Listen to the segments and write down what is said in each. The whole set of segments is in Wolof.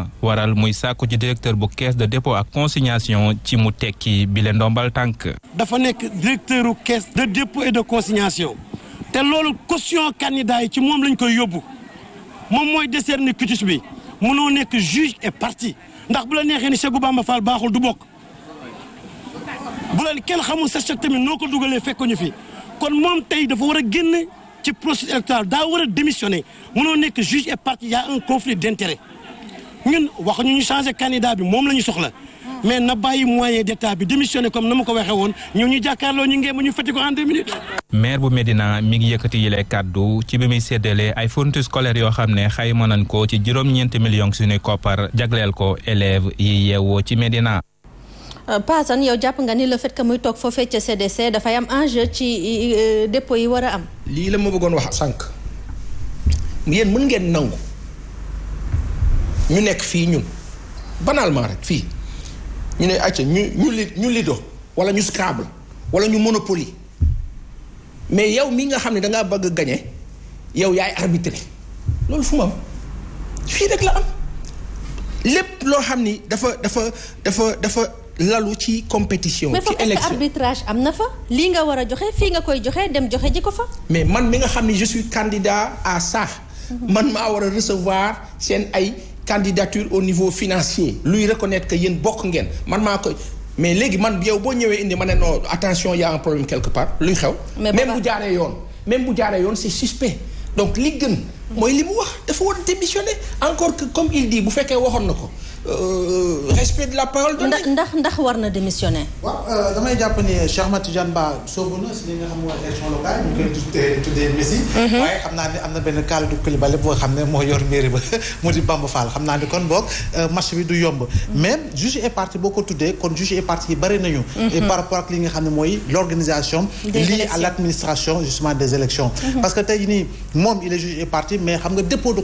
francs waral muy sàkku ci directeur bu caisse de dépôt ak consignation ci mu tekki bi leen ndombal tànk. dafa nekk directeur u caisse de dépôt et de consignation te loolu caution candidat yi ci moom lañ koy yóbbu moom mooy décerner quitus bi mënoo nekk juge et partie ndax bu la neexee ni Cheikh Bamba Fall baaxul du bokk bu la kenn xamul sa chèque tamit noo ko dugalee fekk ñu fi kon moom tey dafa war a génn ci processus électoral daa war a démissionner mënoo nekk juge et partie y a un conflit ñun wax ñu changé candidat bi moom la ñu soxla. mais na bàyyi moyen d'état bi démissionné comme na ma ko waxee woon ñu ñu jàkkaarloo ñu ngeen ñu fëtti ko en deux minutes. maire bu Médina mi ngi yëkkati yile kàddu ci bi muy séddale ay fournitures scolaires yoo xam ne xayma nañ ko ci juróom-ñeenti millions suñuy koppar jagleel ko élèves yi yeewoo ci Médina. Euh, yow jàpp nga ni le fait que muy toog foofee ca CDC dafay am enjeu ci euh, dépôt yi war a lii la ma bëggoon wax sànq yéen mën ngeen nangu. ñu nekk fii ñun banalement rek fii ñu ne acca ñu ñu li ñu lido wala ñu scrabble wala ñu monopoly mais yow mii nga xam ne dangaa bëgg gañe yow yaay arbitré loolu fu mu am fii rek la am lépp loo xam ni dafa dafa dafa dafa lalu ci compétition. ci élection arbitrage am na fa lii nga war a joxe fii nga koy joxe dem joxe ji ko fa. mais man mi nga xam ni je suis candidat à ça. Mhm. man maa war a recevoir seen ay. candidature au niveau financier luy reconnaître que yéen bokk ngeen man maa ko mais léegi man yow boo ñëwee indi ma ne non attention y a un problème quelque part luy xew même bu jaaree yoon même bu jaaree yoon c'est suspect donc li gën mooy li mu wax dafa war démissionner encore que comme il dit bu fekkee waxoon na ko euh, respect de la parole donnée. ndax ndax war na démissionner. waaw euh, damay jàpp ni Cheikh Ahmed Tidiane Ba na si li nga mhm. xam naa ne am na benn Kalidou Koulibaly boo xam ne moo yor mairie ba mu di Bamba xam naa ne kon boog euh, match bi du yomb. Mhm. même juge et partie boo ko tuddee kon juge et partie yi bëri nañu. Mhm. et par nga xam ne mooy l' organisation. liée à l' administration justement nii moom il est et partie. mais xam nga dépôt de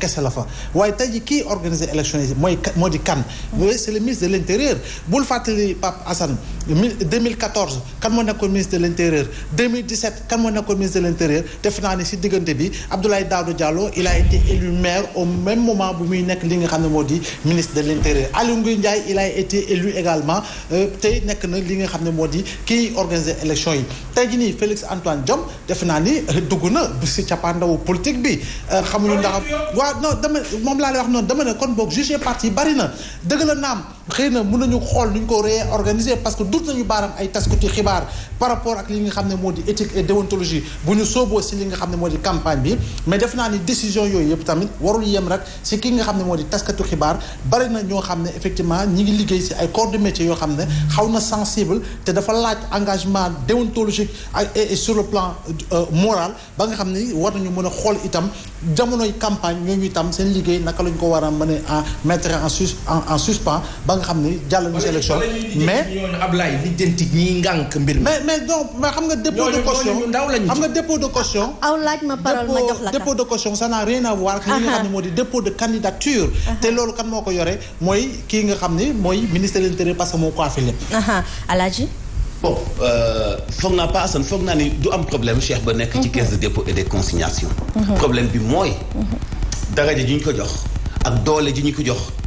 kese la fa waaye tey ji kii organiser élection yi mooy moo di kan mooy c'est le ministre de l'intérieur bul fàttali Pape Assane 2014 kan moo nekkoon ministre de l'intérieur 2017 kan moo nekkoon ministre de l'intérieur naa ne si diggante bi Abdoulaye Daouda Diallo il a été élu même moment bu muy nekk li nga xam ne moo di ministre de l'intérieur Aliou Ngouille Ndiaye il a été élu également euh, tey nekk na li nga xam ne moo di kii organiser élection yi tey jii nii Félix Antoine Diome def naa ni dugg na si cappaandawu politique bi Euh, xamuñu ndax waaw non dama moom laa lay wax noonu dama ne kon boog juge parti bari na dëgg la naam xëy na mun nañu xool nuñ ko réorganiser parce que dut nañu baaram ay taskati xibaar par rapport ak li nga xam ne moo di éthique et déontologie bu ñu sooboo si li nga xam ne moo di campagne bi mais def naa ni décision yooyu yëpp tamit warul yem rek si ki nga xam ne moo di taskatu xibaar bari na ñoo xam ne effectivement ñi ngi liggéey si ay corps de yoo xam ne xaw na sensible te dafa laaj engagement déontologique ak et sur le plan euh, moral ba nga xam ne war nañu mën a xool itam jamonoy campagne ñooñu itam seen liggéey naka lañ ko war a mën a mettre en sus en suspens ba nga xam ni jàll nañu si élection mais Ablaye lijjanti ñi ngànk mbir mi mais mais mais xam nga nga dépôt de caution aw ah, ah, n'a rien à voir ak li nga ah, xam ne moo di dépôt de candidature te loolu kan moo ko yore mooy kii nga xam ni mooy ministre de l'intérieur parce que moo ko affilié Alaaji bon euh, foog naa pas foog naa ni du am problème Cheikh ba nekk ci mhm. caisse de dépôt et des consignations mhm. problème bi mooy mhm. daraja ji ñu ko jox ak doole ji ñu ko jox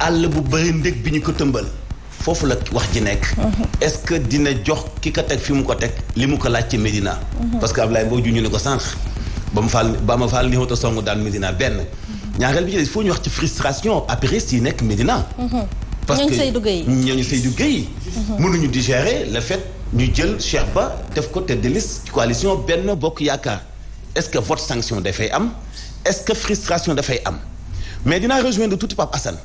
àll bu bëri ndég bi ñu ko tëmbal foofu la wax ji nekk. Mhm. est-ce que dina jox ki ko teg fi mu ko teg li mu ko laaj ci médina mhm. parce que am Ablaye boo ju ñu ne ko sànq. ba mu faal ba ma faal ni wota song daan Medina benn. Mhm. ñaareel bi ci foo ñu wax ci frustration apéristes yi nekk Medina. parce que ñooñu Seydou Gueye ñooñu Seydou Gueye. mënuñu digérer le fait ñu jël Cheikh Ba def ko tête de liste ci coalition benn bokk yaakaar est-ce que vote sanction dafay am est-ce que frustration dafay am mais dinaa rejoindre tuuti Pape Assane.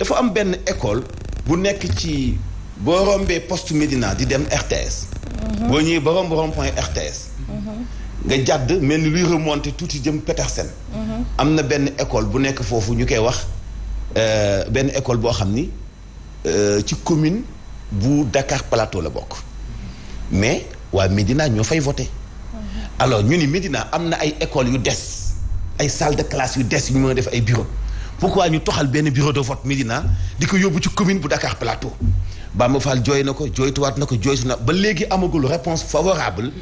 dafa am benn école bu nekk ci boo rombee post Médina di dem RTS. boo ñëwee ba romb RTS. nga jàdd mel ni luy remonté tuuti jëm Petersen. Mhm. am na benn école bu nekk foofu ñu koy wax euh, benn école boo xam ni euh, ci commune bu Dakar Plateau la bokk mais waa Médina ñoo fay voté. Mhm. alors ñu ni Médina am na ay écoles yu des ay sale de classe yu des yu ñu mën a def ay bureau pourquoi ñu toxal benn bureau de vote Médina di ko yóbbu ci commune bu Dakar Plateau Bamba Fall jooy na ko jooytuwaat na ko jooytu na ba léegi amagul réponse favorable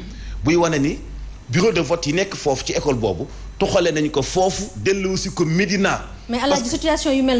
buy wane ni bureau de vote yi nekk foofu ci école boobu toxale nañu ko foofu delloosi ko Médina mais Alaaji situation yu mel